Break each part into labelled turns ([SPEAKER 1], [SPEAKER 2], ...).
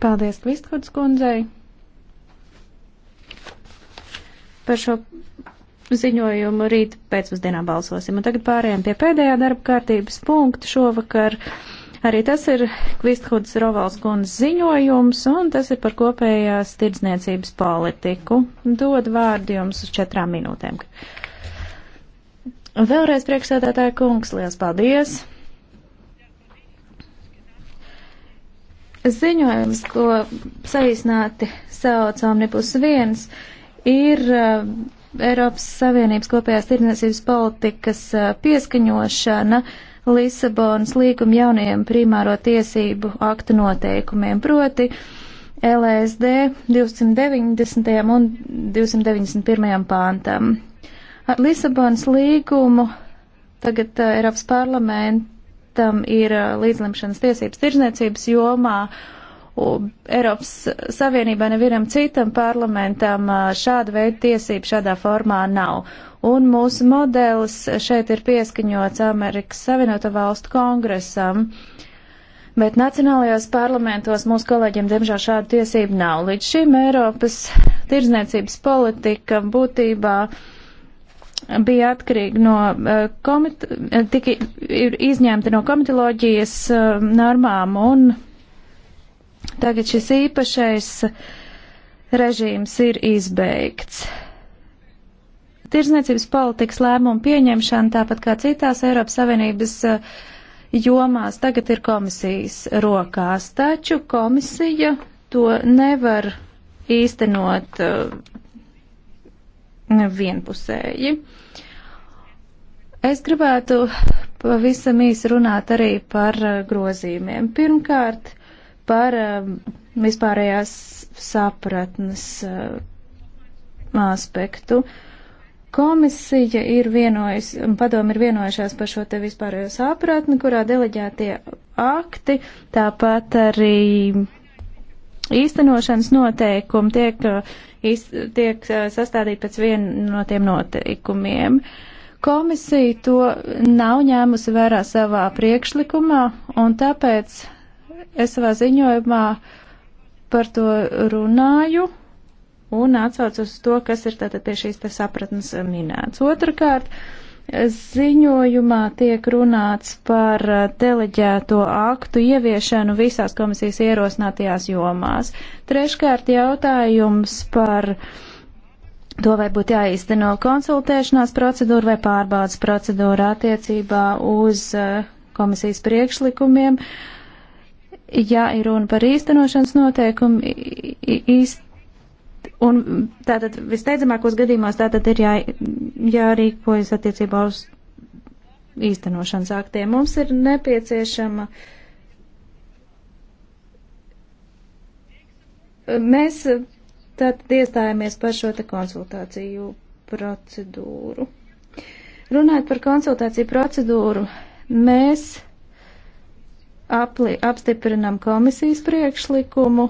[SPEAKER 1] Paldies Kvistkots kundzei par šo ziņojumu rīt pēcpusdienā balsosim. Un tagad pārējām pie pēdējā darba kārtības punkta šovakar. Arī tas ir Kvisthuds Rovals kundzes ziņojums, un tas ir par kopējās tirdzniecības politiku. Dod vārdu jums uz četrām minūtēm. Un vēlreiz priekšsēdētāja kungs, liels paldies! Ziņojums, ko saīsnāti sauc Omnibus 1, ir uh, Eiropas Savienības kopējās tirdzniecības politikas uh, pieskaņošana Lisabonas līguma jaunajiem primāro tiesību aktu noteikumiem, proti LSD 290. un 291. pāntam. Ar Lisabonas līgumu tagad uh, Eiropas parlamenta tam ir līdzlemšanas tiesības tirzniecības jomā. Eiropas Savienībā nevienam citam parlamentam šāda veida tiesība šādā formā nav. Un mūsu modelis šeit ir pieskaņots Amerikas Savienoto Valstu kongresam. Uh, bet nacionālajos parlamentos mūsu kolēģiem diemžēl šādu tiesību nav. Līdz šim Eiropas tirdzniecības politika būtībā uh, bija atkarīgi no eh, komit, eh, tika ir izņemti no komitoloģijas eh, normām un tagad šis īpašais režīms ir izbeigts. Tirzniecības politikas lēmumu pieņemšana, tāpat kā citās Eiropas Savienības jomās, tagad ir komisijas rokās, taču komisija to nevar īstenot uh, vienpusēji. Es gribētu pavisam īsi runāt arī par eh, grozījumiem. Pirmkārt, par eh, vispārējās sapratnes eh, aspektu. Komisija ir vienojusi, padomi ir vienojušās par šo te vispārējo sapratni, kurā deleģētie akti, tāpat arī īstenošanas noteikumi tiek, īst, uh, tiek uh, sastādīti pēc viena no tiem noteikumiem. Komisija to nav ņēmusi vērā savā priekšlikumā, un tāpēc es savā ziņojumā par to runāju un atsaucos uz to, kas ir tātad pie šīs te sapratnes minēts. Otrakārt, uh, Ziņojumā tiek runāts par eh, deleģēto aktu ieviešanu visās komisijas ierosinātajās jomās. Treškārt jautājums par to, vai būtu jāīsteno konsultēšanās procedūra vai pārbaudas procedūra attiecībā uz eh, komisijas priekšlikumiem. Ja ir runa par īstenošanas noteikumu, īst Un tātad visteidzamākos gadījumos tātad ir jā, jārīkojas attiecībā uz īstenošanas aktiem. Mums ir nepieciešama. Mēs tātad iestājāmies par šo te konsultāciju procedūru. Runājot par konsultāciju procedūru, mēs apli, apstiprinam komisijas priekšlikumu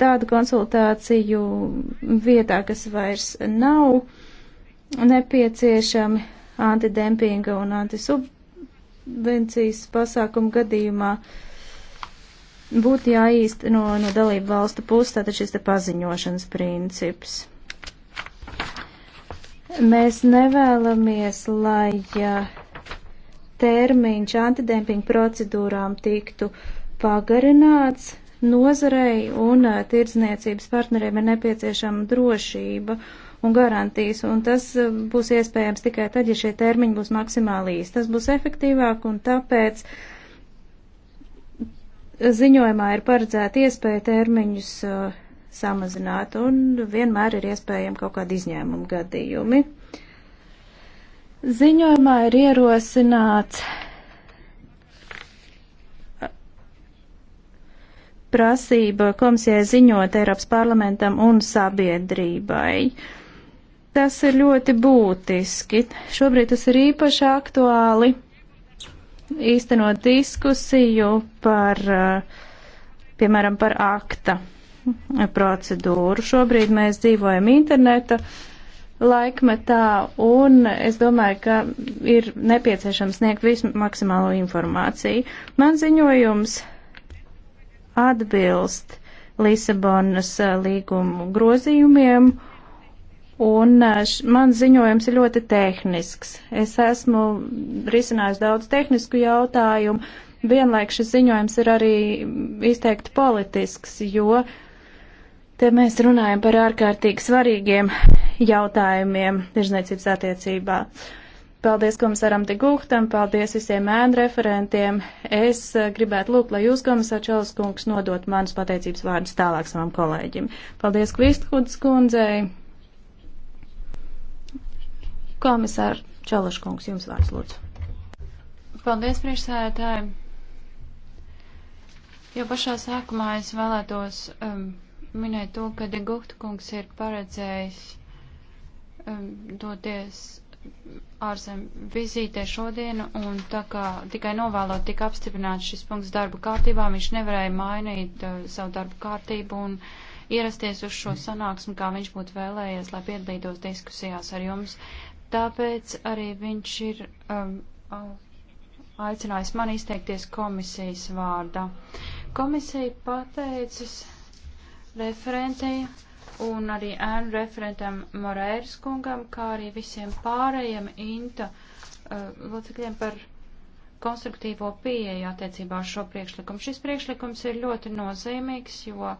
[SPEAKER 1] tādu konsultāciju vietā, kas vairs nav nepieciešami antidempinga un antisubvencijas pasākumu gadījumā, būtu jāīsteno no, no dalību valstu puses tātad šis te paziņošanas princips. Mēs nevēlamies, lai termiņš antidempinga procedūrām tiktu pagarināts, Nozarei un tirdzniecības partneriem ir nepieciešama drošība un garantijas, un tas būs iespējams tikai tad, ja šie termiņi būs maksimāli īsti. Tas būs efektīvāk, un tāpēc ziņojumā ir paredzēta iespēja termiņus uh, samazināt, un vienmēr ir iespējami kaut kādi izņēmumi gadījumi. Ziņojumā ir ierosināts prasība komisijai ziņot Eiropas parlamentam un sabiedrībai. Tas ir ļoti būtiski. Šobrīd tas ir īpaši aktuāli īstenot diskusiju par, eh, piemēram, par akta procedūru. Šobrīd mēs dzīvojam interneta laikmetā, un es domāju, ka ir nepieciešams sniegt visu maksimālo informāciju. Man ziņojums atbilst Lisabonas uh, līgumu grozījumiem, un uh, man ziņojums ir ļoti tehnisks. Es esmu risinājusi daudz tehnisku jautājumu, vienlaik šis ziņojums ir arī izteikti politisks, jo te mēs runājam par ārkārtīgi svarīgiem jautājumiem tirzniecības attiecībā. Uh, Paldies komisaram Digūhtam, paldies visiem ēnu referentiem. Es eh, gribētu lūgt, lai jūs, komisār Čelas kungs, nodot manus pateicības vārdus tālāk savam kolēģim. Paldies Kvistkudas kundzei. Komisār Čelas kungs, jums vārds lūdzu.
[SPEAKER 2] Paldies, priekšsēdētāji. Jau pašā sākumā es vēlētos um, minēt to, ka Digūhta kungs ir paredzējis um, doties ārzem vizītē šodien, un tā kā tikai novēlot tika apstiprināts šis punkts darba kārtībā, viņš nevarēja mainīt uh, savu darbu kārtību un ierasties uz šo sanāksmi, kā viņš būtu vēlējies, lai piedalītos diskusijās ar jums. Tāpēc arī viņš ir um, aicinājis man izteikties komisijas vārdā. Komisija pateicis referentei un arī ēnu referentam Morēras kungam, kā arī visiem pārējiem Inta uh, locekļiem par konstruktīvo pieeju attiecībā ar šo priekšlikumu. Šis priekšlikums ir ļoti nozīmīgs, jo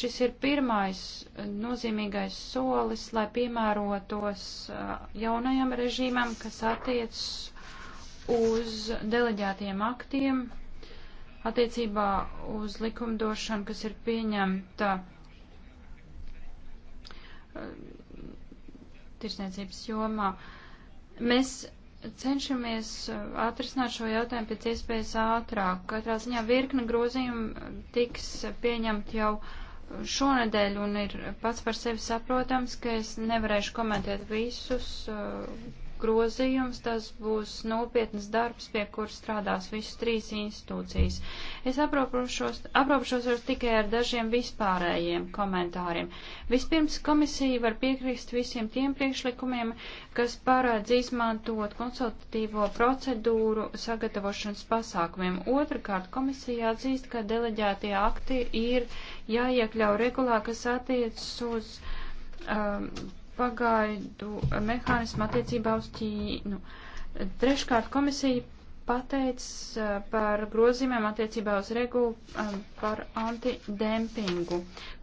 [SPEAKER 2] šis ir pirmais nozīmīgais solis, lai piemērotos uh, jaunajam režīmam, kas attiec uz deleģētiem aktiem attiecībā uz likumdošanu, kas ir pieņemta tirsniecības jomā. Mēs cenšamies uh, atrisināt šo jautājumu pēc iespējas ātrāk. Katrā ziņā virkne grozījumu uh, tiks pieņemt jau uh, šonedēļ un ir pats par sevi saprotams, ka es nevarēšu komentēt visus grozījums, tas būs nopietnas darbs, pie kur strādās visas trīs institūcijas. Es aprobežos tikai ar dažiem vispārējiem komentāriem. Vispirms komisija var piekrist visiem tiem priekšlikumiem, kas parādz izmantot konsultatīvo procedūru sagatavošanas pasākumiem. Otrakārt, komisija atzīst, ka deleģētie akti ir jāiekļau regulā, kas attiecas uz. Um, pagaidu mehānismu attiecībā uz Ķīnu. Treškārt komisija pateica eh, par grozījumiem attiecībā uz regulu eh, par antidempingu.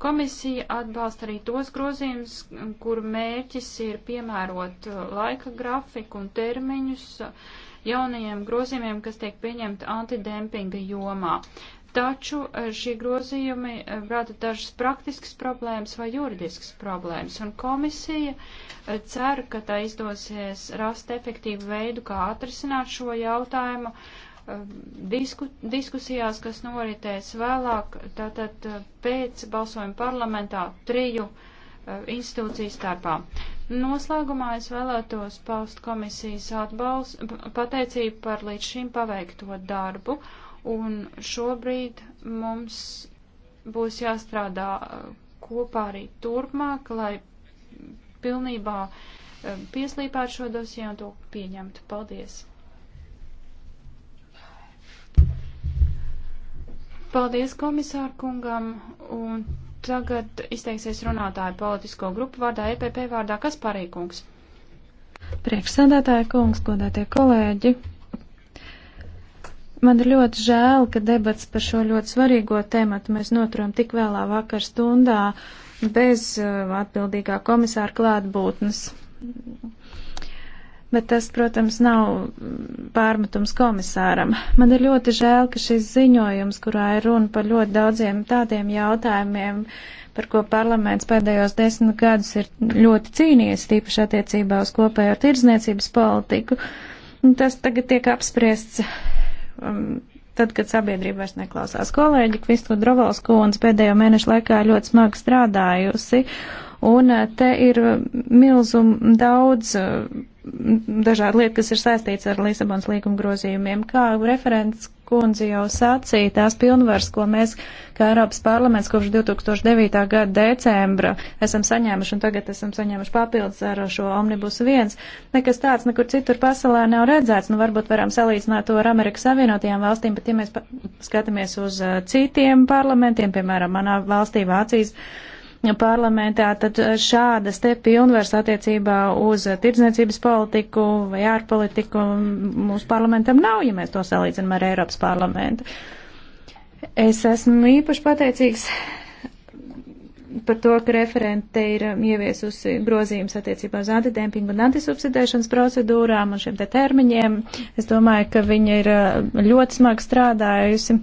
[SPEAKER 2] Komisija atbalsta arī tos grozījumus, kuru mērķis ir piemērot eh, laika grafiku un termiņus jaunajiem grozījumiem, kas tiek pieņemti antidempinga jomā. Taču eh, šie grozījumi eh, rada dažas praktiskas problēmas vai juridiskas problēmas, un komisija eh, cer, ka tā izdosies rast efektīvu veidu, kā atrisināt šo jautājumu disku, diskusijās, kas noritēs vēlāk, tātad pēc balsojuma parlamentā triju institūciju starpā. Noslēgumā es vēlētos paust komisijas atbalstu, pateicību par līdz šim paveikto darbu un šobrīd mums būs jāstrādā uh, kopā arī turpmāk, lai pilnībā uh, pieslīpētu šo dosiju un to pieņemtu. Paldies! Paldies komisāru kungam, un tagad izteiksies runātāju politisko grupu vārdā, EPP vārdā, kas parīkungs?
[SPEAKER 1] Priekšsēdētāja kungs, godētie kolēģi! Man ir ļoti žēl, ka debats par šo ļoti svarīgo tēmatu mēs noturam tik vēlā vakar stundā bez uh, atbildīgā komisāra klātbūtnes. Bet tas, protams, nav pārmetums komisāram. Man ir ļoti žēl, ka šis ziņojums, kurā ir runa par ļoti daudziem tādiem jautājumiem, par ko parlaments pēdējos desmit gadus ir ļoti cīnījies, tīpaši attiecībā uz kopējo tirdzniecības politiku, tas tagad tiek apspriests um, tad, kad sabiedrība vairs neklausās. Kolēģi Kvistu Drovals kundze pēdējo mēnešu laikā ļoti smagi strādājusi, un uh, te ir uh, milzum daudz uh, dažādu lietu, kas ir saistīts ar Lisabonas līguma grozījumiem. Kā referents kundze jau sacīja, tās pilnvars, ko mēs, kā Eiropas parlaments, kopš 2009. gada decembra esam saņēmuši, un tagad esam saņēmuši papildus ar šo omnibus viens, nekas tāds nekur citur pasaulē nav redzēts. Nu, varbūt varam salīdzināt to ar Amerikas Savienotajām valstīm, bet ja mēs skatāmies uz uh, citiem parlamentiem, piemēram, manā valstī Vācijas. Uh, parlamentā, tad šādas te pilnvars attiecībā uz tirdzniecības politiku vai ārpolitiku mūsu parlamentam nav, ja mēs to salīdzinām ar Eiropas parlamentu. Es esmu īpaši pateicīgs par to, ka referente ir ieviesusi grozījums attiecībā uz antidempingu un antisubsidēšanas procedūrām un šiem te termiņiem. Es domāju, ka viņa ir uh, ļoti smagi strādājusi.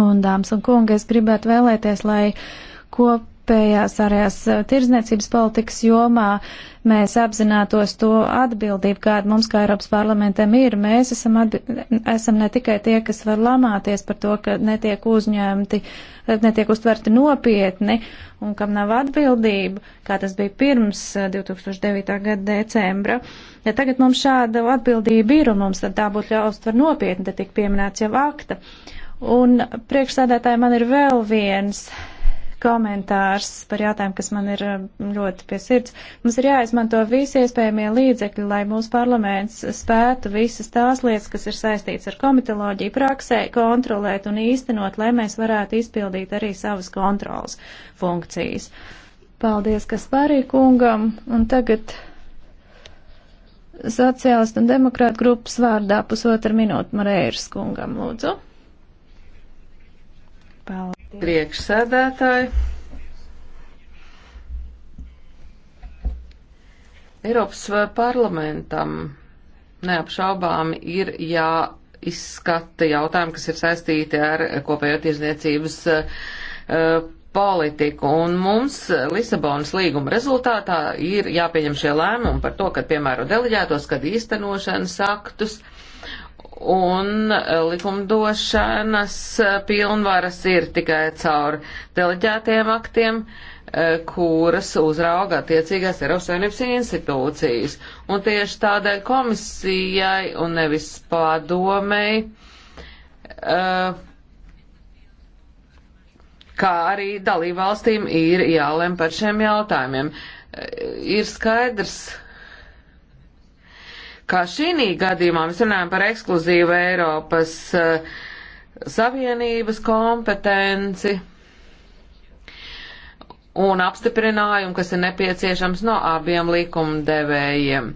[SPEAKER 1] Un, dāmas un kungi, es gribētu vēlēties, lai kop kopējās ārējās eh, tirdzniecības politikas jomā mēs apzinātos to atbildību, kāda mums kā Eiropas parlamentam ir. Mēs esam, esam ne tikai tie, kas var lamāties par to, ka netiek uzņemti, netiek uztverti nopietni un kam nav atbildība, kā tas bija pirms 2009. Eh, gada decembra. Ja tagad mums šāda atbildība ir un mums tad tā būtu jāuztver nopietni, tad tik pieminēts jau akta. Un priekšsēdētāji man ir vēl viens komentārs par jautājumu, kas man ir eh, ļoti pie sirds. Mums ir jāizmanto visi iespējamie līdzekļi, lai mūsu parlaments spētu visas tās lietas, kas ir saistīts ar komitoloģiju praksē, kontrolēt un īstenot, lai mēs varētu izpildīt arī savas kontrolas funkcijas. Paldies, Kasparī kungam, un tagad sociālistu un demokrātu grupas vārdā pusotra minūte Marēras kungam, lūdzu. Paldies
[SPEAKER 3] priekšsēdētāji. Eiropas parlamentam neapšaubāmi ir jāizskata jautājumi, kas ir saistīti ar kopējo tirzniecības uh, politiku, un mums Lisabonas līguma rezultātā ir jāpieņem šie lēmumi par to, kad piemēro deleģētos, kad īstenošanas aktus. Uh, un eh, likumdošanas eh, pilnvaras ir tikai caur deleģētiem aktiem, eh, kuras uzrauga attiecīgās Eiropas Savienības institūcijas. Un tieši tādēļ komisijai un nevis padomei, kā arī dalībvalstīm ir jālem par šiem jautājumiem. Ir skaidrs, kā šī gadījumā mēs runājam par ekskluzīvu Eiropas uh, Savienības kompetenci un apstiprinājumu, kas ir nepieciešams no abiem likumdevējiem.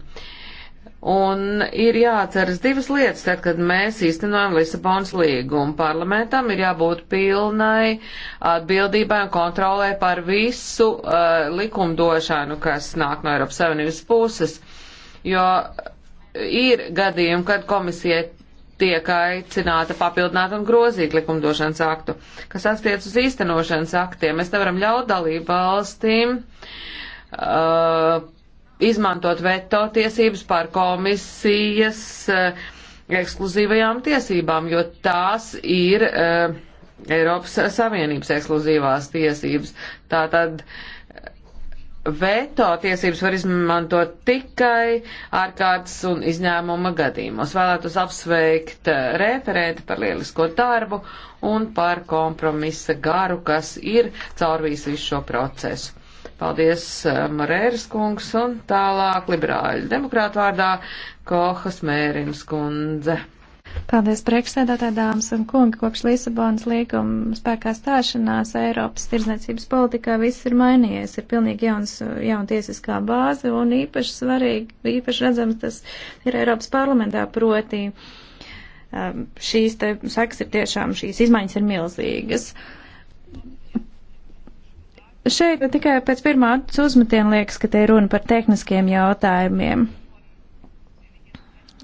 [SPEAKER 3] Un ir jāatceras divas lietas, tad, kad mēs īstenojam Lisabonas līgumu. Parlamentam ir jābūt pilnai atbildībai un kontrolē par visu uh, likumdošanu, kas nāk no Eiropas Savienības puses, jo ir gadījumi, kad komisija tiek aicināta papildināt un grozīt likumdošanas aktu, kas attiec uz īstenošanas aktiem. Mēs nevaram ļaut dalību valstīm uh, izmantot veto tiesības pār komisijas uh, ekskluzīvajām tiesībām, jo tās ir uh, Eiropas Savienības ekskluzīvās tiesības. Tātad uh, veto tiesības var izmantot tikai ārkārtas un izņēmuma gadījumos. Vēlētos apsveikt eh, referenti par lielisko darbu un par kompromisa garu, kas ir caurvīs visu šo procesu. Paldies, eh, Marēras kungs, un tālāk liberāļu demokrātu vārdā Kohas Mērins kundze.
[SPEAKER 1] Paldies priekšsēdētāji dāmas un kungi. Kopš Lisabonas līguma spēkā stāšanās Eiropas tirdzniecības politikā viss ir mainījies. Ir pilnīgi jauns, jauna tiesiskā bāze un īpaši svarīgi, īpaši redzams tas ir Eiropas parlamentā proti. Um, šīs te sekas ir tiešām, šīs izmaiņas ir milzīgas. Šeit tikai pēc pirmā uzmetiena liekas, ka te ir runa par tehniskiem jautājumiem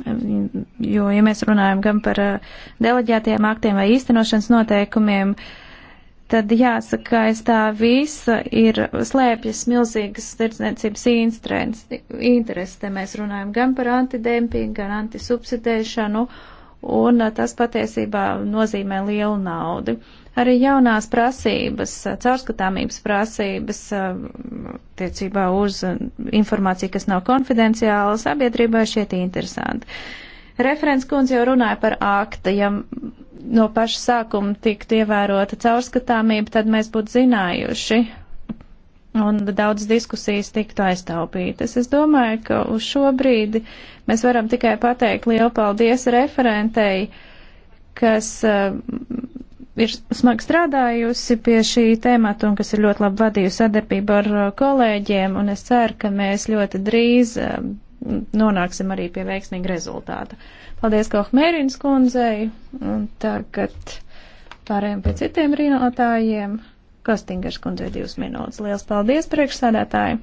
[SPEAKER 1] Jo, ja mēs runājam gan par eh, deleģētajiem aktiem vai īstenošanas noteikumiem, tad jāsaka, aiz tā visa ir slēpjas milzīgas tirdzniecības intereses. Te mēs runājam gan par antidempingu, gan antisubsidēšanu, un eh, tas patiesībā nozīmē lielu naudu. Arī jaunās prasības, caurskatāmības prasības, tiecībā uz informāciju, kas nav konfidenciāla, sabiedrībai šķiet interesanti. Referents kundze jau runāja par akta, ja no paša sākuma tiktu ievērota caurskatāmība, tad mēs būtu zinājuši, un daudz diskusijas tiktu aiztaupītas. Es domāju, ka uz šo brīdi mēs varam tikai pateikt lielu paldies referentei, kas ir smagi strādājusi pie šī temata un kas ir ļoti labi vadījusi sadarbību ar uh, kolēģiem, un es ceru, ka mēs ļoti drīz um, nonāksim arī pie veiksmīga rezultāta. Paldies Kohmērins kundzei, un tagad pārējām pie citiem rīnotājiem. Kostingers kundzei divas minūtes. Liels paldies priekšsādātāji!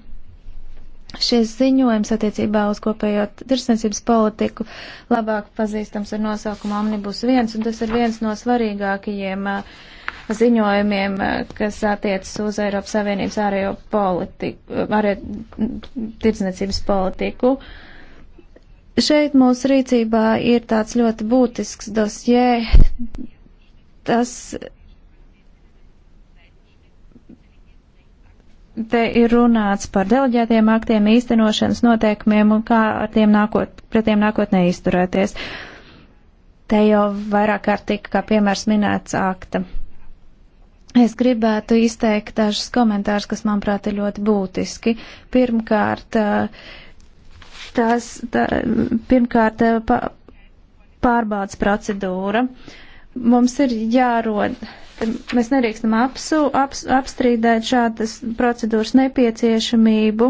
[SPEAKER 1] Šis ziņojums attiecībā uz kopējo tirsniecības politiku labāk pazīstams ar nosaukumu Omnibus 1, un tas ir viens no svarīgākajiem uh, ziņojumiem, uh, kas attiecas uz Eiropas Savienības ārējo politiku, uh, ārējo tirsniecības politiku. Šeit mūsu rīcībā ir tāds ļoti būtisks dosjē. Tas te ir runāts par deleģētiem aktiem, īstenošanas noteikumiem un kā ar tiem nākot, pret tiem nākotnē izturēties. Te jau vairāk kārt tika kā piemērs minēts akta. Es gribētu izteikt dažus komentārus, kas, manuprāt, ir ļoti būtiski. Pirmkārt, tās, tā, pirmkārt, pa, pārbaudas procedūra. Uh, Mums ir jārod, mēs nedrīkstam apsu, aps, apstrīdēt šādas procedūras nepieciešamību,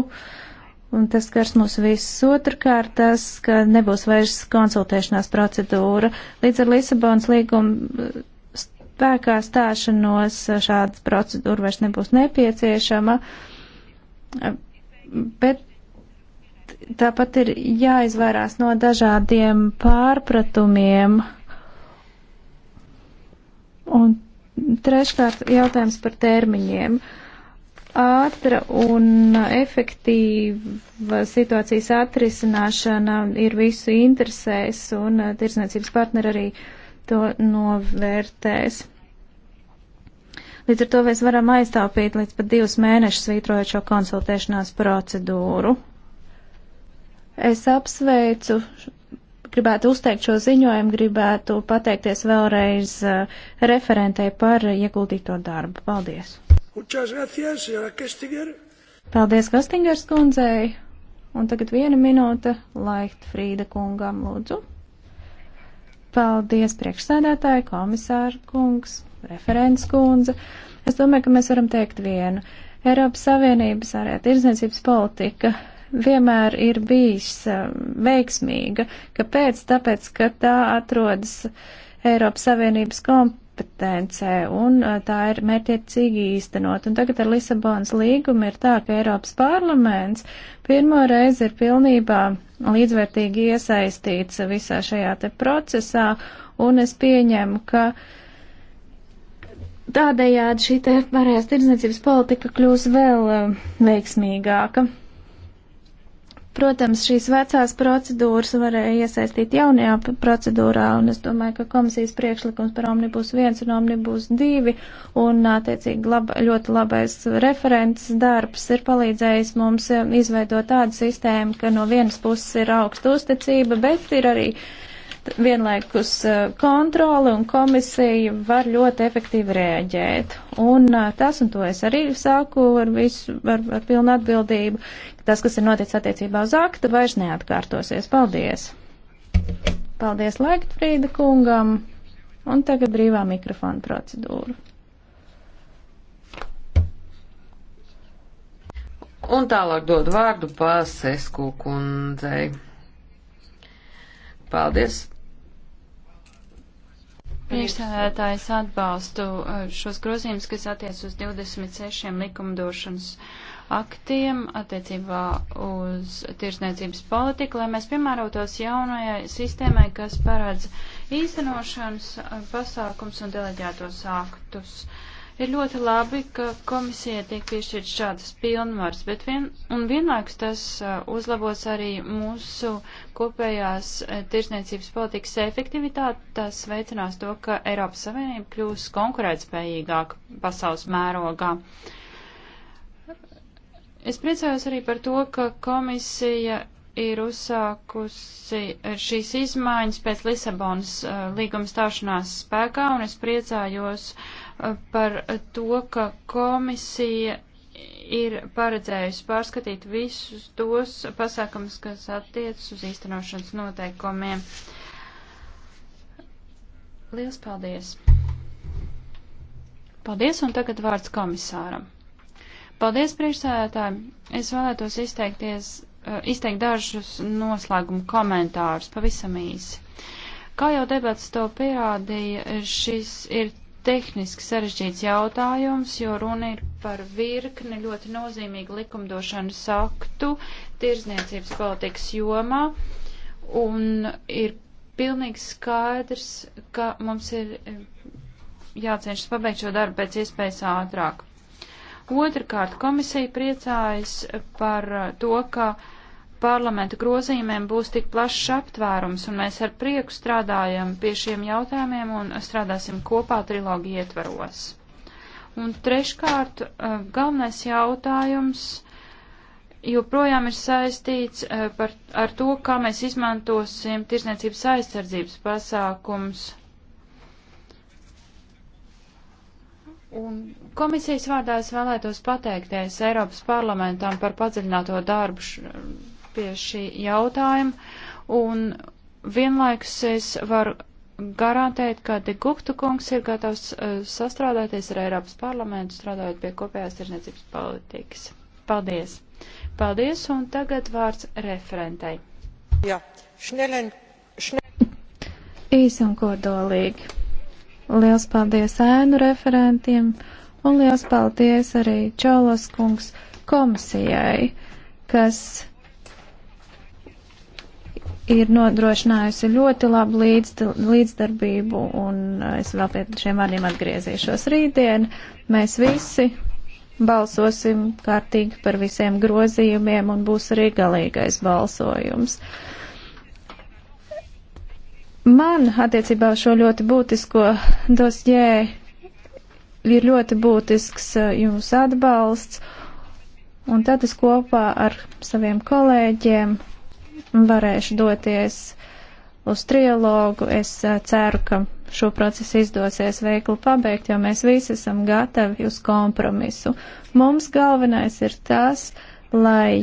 [SPEAKER 1] un tas skars mūs visus. Otrkārt, tas, ka nebūs vairs konsultēšanās procedūra. Līdz ar Lisabonas līgumu eh, spēkā stāšanos eh, šāda procedūra vairs nebūs nepieciešama, eh, bet tāpat ir jāizvairās no dažādiem pārpratumiem Un treškārt jautājums par termiņiem. Ātra un efektīva situācijas atrisināšana ir visu interesēs, un tirsniecības partneri arī to novērtēs. Līdz ar to mēs varam aiztaupīt līdz pat divus mēnešus vītrojot šo konsultēšanās procedūru. Es apsveicu gribētu uzteikt šo ziņojumu, gribētu pateikties vēlreiz eh, referentei par ieguldīto darbu. Paldies!
[SPEAKER 3] Gracias,
[SPEAKER 1] Paldies, Kastingers kundzei! Un tagad viena minūte Laicht Frīda kungam lūdzu. Paldies, priekšsēdētāji, komisāra kungs, referents kundze. Es domāju, ka mēs varam teikt vienu. Eiropas Savienības ārējā tirdzniecības politika vienmēr ir bijis eh, veiksmīga. Kāpēc? Tāpēc, ka tā atrodas Eiropas Savienības kompetencē un eh, tā ir mērķiecīgi īstenot. Un tagad ar Lisabonas līgumu ir tā, ka Eiropas parlaments pirmo reizi ir pilnībā līdzvērtīgi iesaistīts visā šajā te procesā un es pieņemu, ka tādējādi šī te varēs tirdzniecības politika kļūs vēl eh, veiksmīgāka. Uh, Protams, šīs vecās procedūras varēja iesaistīt jaunajā procedūrā, un es domāju, ka komisijas priekšlikums par omnibus 1 un omnibus 2 un, attiecīgi, laba, ļoti labais referents darbs ir palīdzējis mums eh, izveidot tādu sistēmu, ka no vienas puses ir augsta uzticība, bet ir arī uh, vienlaikus eh, kontroli un komisija var ļoti efektīvi rēģēt. Un eh, tas, un to es arī sāku ar visu, ar, ar pilnu atbildību, ka tas, kas ir noticis attiecībā uz aktu, vairs neatkārtosies. Paldies! Paldies Laiktfrīda kungam! Un tagad brīvā mikrofona procedūra.
[SPEAKER 3] Un tālāk dod vārdu Pāsesku kundzei. Paldies, Priekšsēdētājs
[SPEAKER 2] atbalstu eh, šos grozījumus, kas attiec uz 26 likumdošanas aktiem attiecībā uz tirsniecības politiku, lai mēs piemērotos jaunajai sistēmai, kas paredz īstenošanas eh, pasākums un deleģētos aktus. Uh, Ir ļoti labi, ka komisija tiek piešķirt šādas pilnvaras, bet vien, un vienlaikus tas uh, uzlabos arī mūsu kopējās uh, tirsniecības politikas efektivitāti. Tas veicinās to, ka Eiropas Savienība kļūs konkurētspējīgāk pasaules mērogā. Es priecājos arī par to, ka komisija ir uzsākusi uh, šīs izmaiņas pēc Lisabonas uh, līguma stāšanās spēkā, un es priecājos uh, par to, ka komisija ir paredzējusi pārskatīt visus tos pasākumus, kas attiecas uz īstenošanas noteikumiem. Liels paldies! Paldies, un tagad vārds komisāram. Paldies, priekšsēdētāji! Es vēlētos izteikties, eh, izteikt dažus noslēgumu komentārus, pavisam īsi. Kā jau debats to pierādīja, šis ir tehniski sarežģīts jautājums, jo runa ir par virkni ļoti nozīmīgu likumdošanas aktu tirzniecības politikas jomā, un ir pilnīgi skaidrs, ka mums ir eh, jācenšas pabeigt šo darbu pēc iespējas ātrāk. Otrakārt, komisija priecājas par eh, to, ka uh, parlamenta grozījumiem būs tik plašs aptvērums, un mēs ar prieku strādājam pie šiem jautājumiem un strādāsim kopā trilogu ietvaros. Un treškārt, eh, galvenais jautājums joprojām ir saistīts eh, par, ar to, kā mēs izmantosim tirsniecības aizsardzības pasākums. Un komisijas vārdā es vēlētos pateikties Eiropas parlamentam par padziļināto darbu pie šī jautājuma, un vienlaikus es varu garantēt, ka de Guktu kungs ir gatavs uh, sastrādāties ar Eiropas parlamentu, strādājot pie kopējās tirniecības politikas. Paldies! Paldies, un tagad vārds referentai. Jā, šnelen, šnelen.
[SPEAKER 1] Īs un kodolīgi. Liels paldies ēnu referentiem, un liels paldies arī Čolos kungs komisijai, kas ir nodrošinājusi ļoti labu līdz, līdzdarbību, un es vēl pie šiem vārdiem atgriezīšos rītdien. Mēs visi balsosim kārtīgi par visiem grozījumiem, un būs arī galīgais balsojums. Man attiecībā uz šo ļoti būtisko dosjē ir ļoti būtisks uh, jūsu atbalsts, un tad es kopā ar saviem kolēģiem varēšu doties uz trialogu. Es eh, ceru, ka šo procesu izdosies veikli pabeigt, jo mēs visi esam gatavi uz kompromisu. Mums galvenais ir tas, lai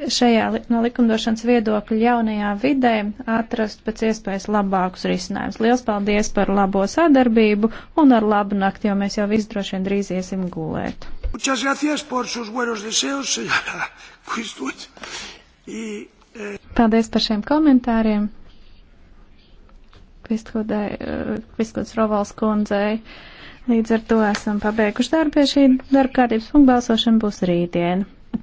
[SPEAKER 1] šajā no likumdošanas viedokļa jaunajā vidē atrast pēc iespējas labākus risinājumus. Liels paldies par labo sadarbību un ar labu nakti, jo mēs jau visi droši vien drīz iesim gulēt.
[SPEAKER 3] Muchas gracias por sus buenos deseos, señora Quistwood.
[SPEAKER 1] Paldies par šiem komentāriem. Kvistkots Rovals kundzei. Līdz ar to esam pabeiguši darbu pie šī darba kārtības punkta balsošana būs rītdien.